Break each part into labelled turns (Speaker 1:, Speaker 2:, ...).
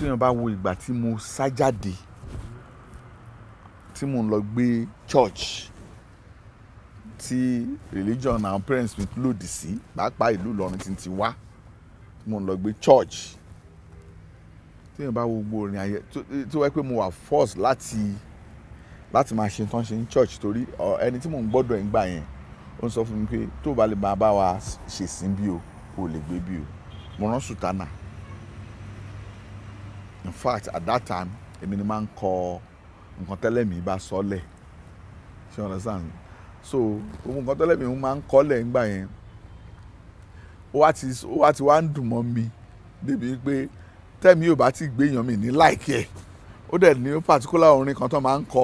Speaker 1: tí èèyàn bá wo ìgbà tí mo sá jáde tí mò lọ gbé church tí religion and parents with lòdì sí pàápàá ìlú Ìlọrin tí n ti wá tí mò ń lọ gbé church tí èèyàn bá wo gbogbo orin ayẹ tó wáyé pé mo wà force láti láti máa ṣe nǹkan ṣe ní church torí ẹni tí mò ń gbọ́dọ̀ ẹ̀ ń gbà yẹn ó ń sọ fún mi pé tó o bá lè máa bá wa ṣèsìn bí o kò lè gbé bí o mo rán sùtánà in fact at that time èmi ni máa ń kọ nǹkan tẹ́lẹ̀ mi bá sọ́lẹ̀ you understand so gbogbo nǹkan tẹ́lẹ̀ mi máa ń kọ́lẹ̀ ńgbà yẹn ó wá ti ó wá ti wá ń dùn mọ́ mi débi pé tẹ́mi ò bá ti gbé èèyàn mi ní láìkí ẹ̀ ó dẹ̀ ní particular orin kan tó máa ń kọ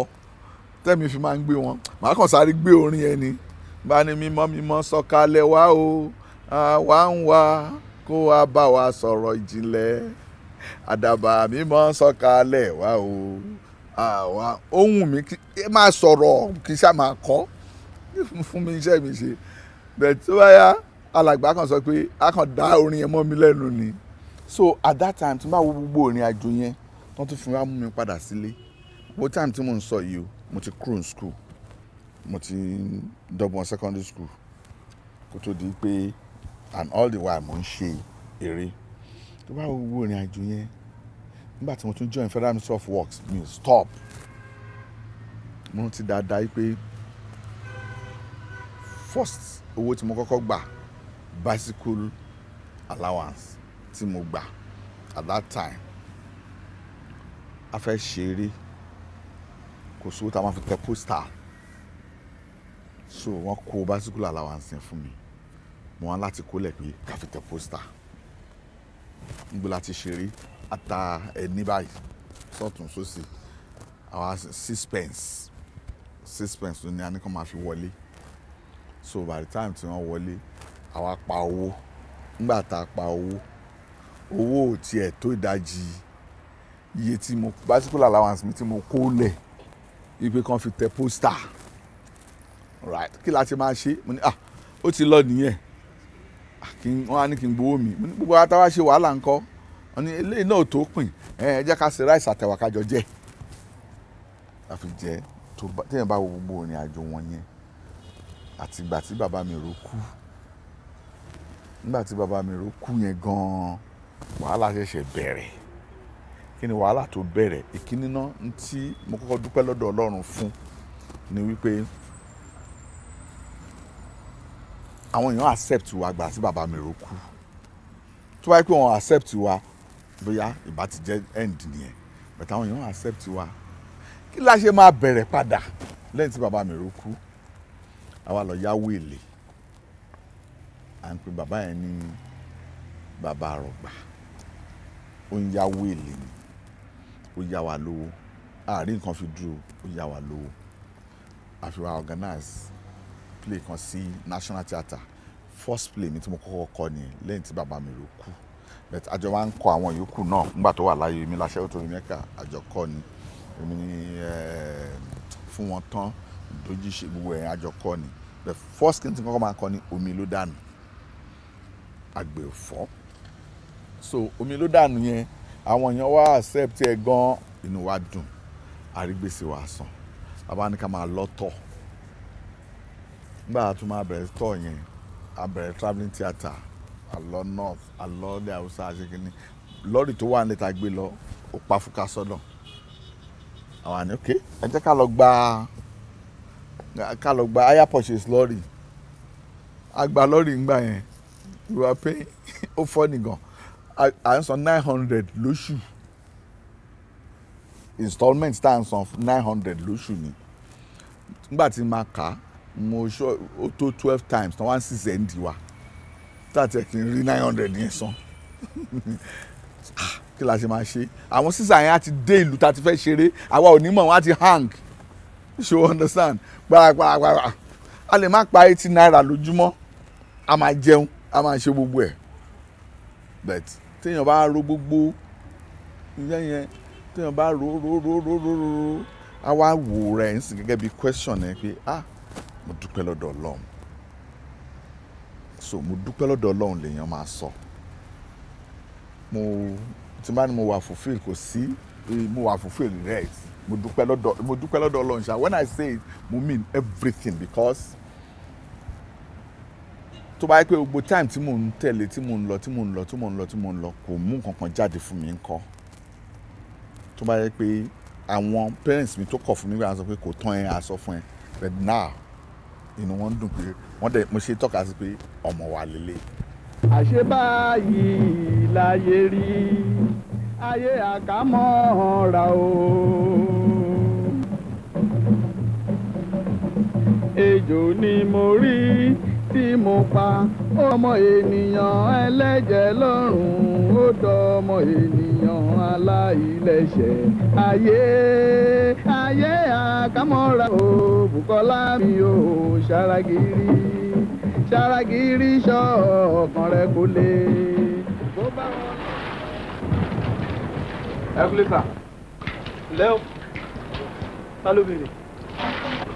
Speaker 1: tẹ́mi fi máa ń gbé wọn màá kàn sáré gbé orin yẹn ni bá ní mímọ́ mímọ́ sọ̀kalẹ̀ wá o àwa ń wá kó wá bá wa sọ̀rọ̀ ìjìnlẹ̀ àdàbà mi máa ń sọ̀kalẹ̀ wá o àwa ohun mi ẹ máa sọ̀rọ̀ kì í ṣáà kọ́ fún mi iṣẹ́ mi ṣe bẹ́ẹ̀ tí wọ́n alàgbà kan sọ pé a kàn dá orin yẹn mọ́ mi lẹ́nu ni so at that time tí n bá wo gbogbo orin àjò yẹn tó tún fi wá mú mi padà sílé gbogbo time tí mò ń sọ yìí o mo ti kúrò ní school mo ti dọ́gbọ́n secondary school kó tó di pé and all the while mo ń ṣe eré tó bá wo ìrìn àjò yẹn nígbà tí mo tún join federal ministry of works mi ò stop mo rántí dáadáa yìí pé first owó tí mo kọ́kọ́ gbà bicycle allowance tí mo gbà at that time a fẹ́ ṣeré kò sówó tá a máa fi tẹ coaster so wọ́n kó bicycle allowance yẹn fún mi mo wá láti kólẹ̀ pé ká fi tẹ coaster níbo la ti ṣeré ata ẹni báyìí sọ̀tún sósì àwa six pence six pence ló ní a máa fi wọlé so by the time tí wọ́n wọlé àwa pa owó nígbà tá a pa owó owó ò tiẹ̀ tó ìdajì iye tí mo particular allowance mi tí mo kó lẹ̀ ibi kan fi tẹ pósítà right kí la ti máa ṣe mo ní ah ó ti lọ nìyẹn Ah, wọ́n á ní kí n gbowó mi gbogbo àtàwọn ṣe wàhálà ńkọ́ wọ́n ní eléyìí náà tó pin ẹ jẹ́ ká ṣe ráìsì àtẹ̀wà kájọ jẹ́ àfi jẹ́ téèyàn bá wo gbogbo ìrìn àjò wọn yẹn àti ìgbà tí bàbá mi rò kú nígbà tí bàbá mi rò kú yẹn gan-an wàhálà ṣẹ̀ṣẹ̀ bẹ̀rẹ̀ kí ni wàhálà tó bẹ̀rẹ̀ ìkíní náà ntí mo kọ́kọ́ dúpẹ́ lọ́dọ̀ Ọlọ́run fún ni wípé àwọn èèyàn accept wa gbà sí bàbá mi rókù tó bá yẹ pé wọn accept wa bóyá ìbá ti jẹ́ end nìyẹn but àwọn èèyàn accept wa kí la ṣe máa bẹ̀rẹ̀ padà lẹ́yìn tí bàbá mi rókù àwa lọ yáwó èlé à ń pe bàbá yẹn ní bàbá àrọ̀gbà ó ń yáwó èlé ni ó yá wa lówó àárín nǹkan fi dúró ó yá wa lówó àfi wa organize play kan sí national theatre first play mi tí mo kọ́kọ́ kọ ni lẹ́yìn tí bàbá mi ló kú but àjọ wa ń kọ àwọn yòókù náà nígbà tó wà láyé mi láṣẹ ó torí mẹ́ka àjọ kọ́ ni èmi ni eh, fún wọn tán dojú gbogbo ẹ̀yìn àjọ kọ́ ni but first kí n ti kọ́kọ́ máa kọ ni omi ló dànù àgbẹ̀ òfò so omi ló dànù yẹn àwọn èèyàn wá accept ẹ gan inú wa dùn àrígbèsè wa sàn àbáníkà máa lọ́tọ̀ nígbà tó máa bẹ̀rẹ̀ tọ̀ yẹn a bẹ̀rẹ̀ travelling theatre àlọ́ north àlọ́ ní haúsá àṣekínní lọ́ọ̀rì tó wà níta gbé lọ ó pa fúkà sọ́nà àwọn àní ok ẹ jẹ́ ká lọ gba ká lọ gba higher purchase lọ́ọ̀rì a gba lọ́ọ̀rì ńgbà yẹn we were paying ó fọ́ nìkan à ń san nine hundred lóṣù installment tá à ń san nine hundred lóṣù ni nígbà tí màá kà á mo sọ o tó twelve times náà one six ẹ̀ ń di wa tàtẹ̀ kì í rí nine hundred yẹn san kí la ṣe máa ṣe àwọn sísà yẹn á ti dé ìlú tá a ti fẹ́ ṣeré àwa ò ní mọ̀ wọ́n á ti hang so understand gbàràgbàràgbàrà a lè má pa eighty naira lójúmọ́ a máa jẹun a máa ṣe gbogbo ẹ̀ but téèyàn bá ro gbogbo iṣẹ́ yẹn téèyàn bá ro ro ro ro ro ro a wá wò rẹ̀ ń sìn gẹ́gẹ́ bí question ẹ pé ah mo dúpẹ́ lọ́dọ̀ Ọlọ́run so mo dúpẹ́ lọ́dọ̀ Ọlọ́run lèèyàn máa sọ mo tí bá ní mo wà fulfil kò sí mo wà fulfil rẹ̀ mo dúpẹ́ lọ́dọ̀ mo dúpẹ́ lọ́dọ̀ Ọlọ́run ṣá when I say it mo mean everything because tó bá yẹ pé gbogbo time tí mò ń tẹ̀lé tí mò ń lọ tí mò ń lọ tí mò ń lọ tí mò ń lọ kò mú kankan jáde fún mi ńkọ́ tó bá yẹ pé àwọn parents mi tó kọ̀ fún mi wípé àwọn pé kò tán ẹ àsọ fún ẹ but now inú wọn dùn pé wọ́n dẹ̀ mo ṣe tọ́ka sí pé ọmọ wa lélẹ̀. àṣé báyìí láyé rí ayé àkámọ́ ra o. ejò ni mo rí tí mo pa ọmọ ènìyàn ẹlẹ́jẹ̀ lọ́rùn ó dọmọ ènìyàn aláìlẹ́ṣẹ̀ ayé ayé àkámọ́ra o Bùkọ́lá mi ò ṣàràgìrì ṣàràgìrì ṣọ́ ọkàn rẹ kò lè. ẹ kúlẹ̀ sà lẹ́wọ̀ ta ló béèrè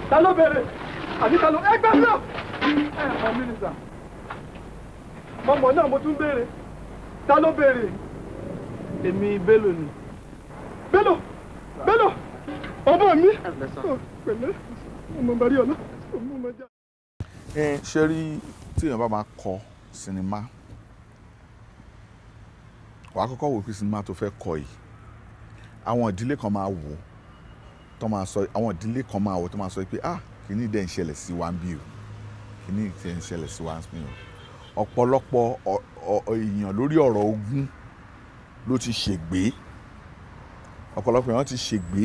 Speaker 1: ta ló béèrè àbí ta ló ẹgbẹ́ náà ẹ̀ ọ̀ mínísà mọ̀mọ́ náà mo tún béèrè ta ló béèrè èmi Bello ni Bello Bello ọmọ mi oh, pẹ̀lẹ́ ọmọ bàrí ọ̀la ọmọ ọmọ jà. ṣé rí tí èèyàn bá máa kọ sinimá wàá kọ́kọ́ wò pé sinimá tó fẹ́ kọ yìí àwọn ìdílé kan máa wò tó máa sọ àwọn ìdílé kan máa wò tó máa sọ pé ah kìíní dẹ̀ ń ṣẹlẹ̀ sí wa ń bí o kìíní dẹ̀ ń ṣẹlẹ̀ sí wa ń bí o ọ̀pọ̀lọpọ̀ èèyàn lórí ọ̀rọ̀ ogún ló ti ṣègbé ọ̀pọ̀lọpọ̀ èèyàn ti ṣègbé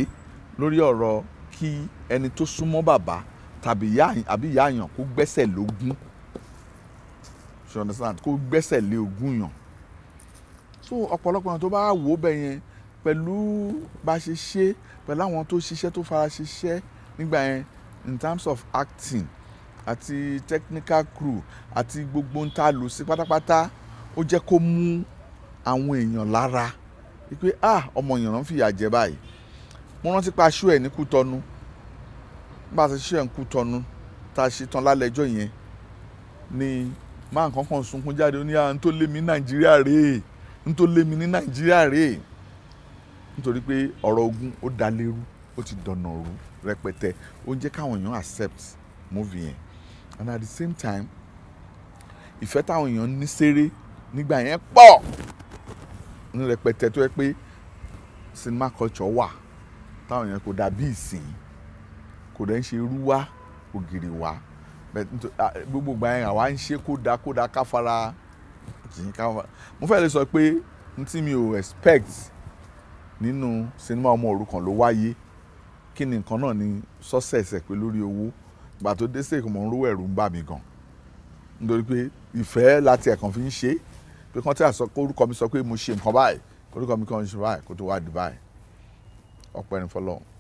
Speaker 1: lórí ọ̀rọ̀ kí ẹni tó súnmọ́ bàbá tàbí ìyá àyàn kó gbẹ́sẹ̀ lógún kó gbẹ́sẹ̀ lé ogún yàn so ọ̀pọ̀lọpọ̀ èèyàn tó bá wò ó bẹ́ẹ̀ pẹ̀lú bá ṣe ṣe pẹ̀lú àwọn tó ṣiṣẹ́ tó fara ṣiṣẹ́ nígbà yẹn in terms of acting àti technical crew àti gbogbo ń ta lò sí pátápátá ó jẹ́ kó mú àwọn èèyàn lára wípé ah ọmọ èèyàn ń fìyà jẹ báyìí mo rántí pa aṣọ ẹ̀ ní Kútọ́nù bá a ti ẹ̀ ń Kútọ́nù tá a ṣe tán lálẹ́jọ́ yẹn ni máa nǹkan kan sunkún jáde ó ní à ah, ń tó lé mi ní Nàìjíríà rèé ń tó lé mi ní Nàìjíríà rèé nítorí pé ọ̀rọ̀ ogun ó dalérú ó ti dọ̀nà rú rẹpẹtẹ ó ń jẹ́ káwọn èèyàn accept movie yẹn and at the same time ìfẹ́ táwọn èèyàn ní séré nígbà yẹn pọ̀ ní rẹpẹtẹ tó yẹ pé cinema culture wà táwọn èèyàn kò dàbí ìsìn kò dẹ̀ ń ṣe irú wá ògiri wá gbogbo ìgbà yẹn àwa ń ṣe kódà kódà káfara jìn káfara mo fẹ́ lè sọ pé n tí mi ò expect nínú cinema ọmọ òrukàn ló wáyé kí ni nǹkan náà ni success pé lórí owó gbà tó dé sèkò mò ń rú ẹ̀rù ń bà mí gan nítorí pé ìfẹ́ láti ẹ̀kan fi ń ṣe pé kọ́ńtà sọ pé orúkọ mi sọ pé mo ṣe nǹkan báyìí orúkọ mi kàn ń ṣe báyìí kó tó wá di báyìí ọpẹ́ ni fọlọ́run.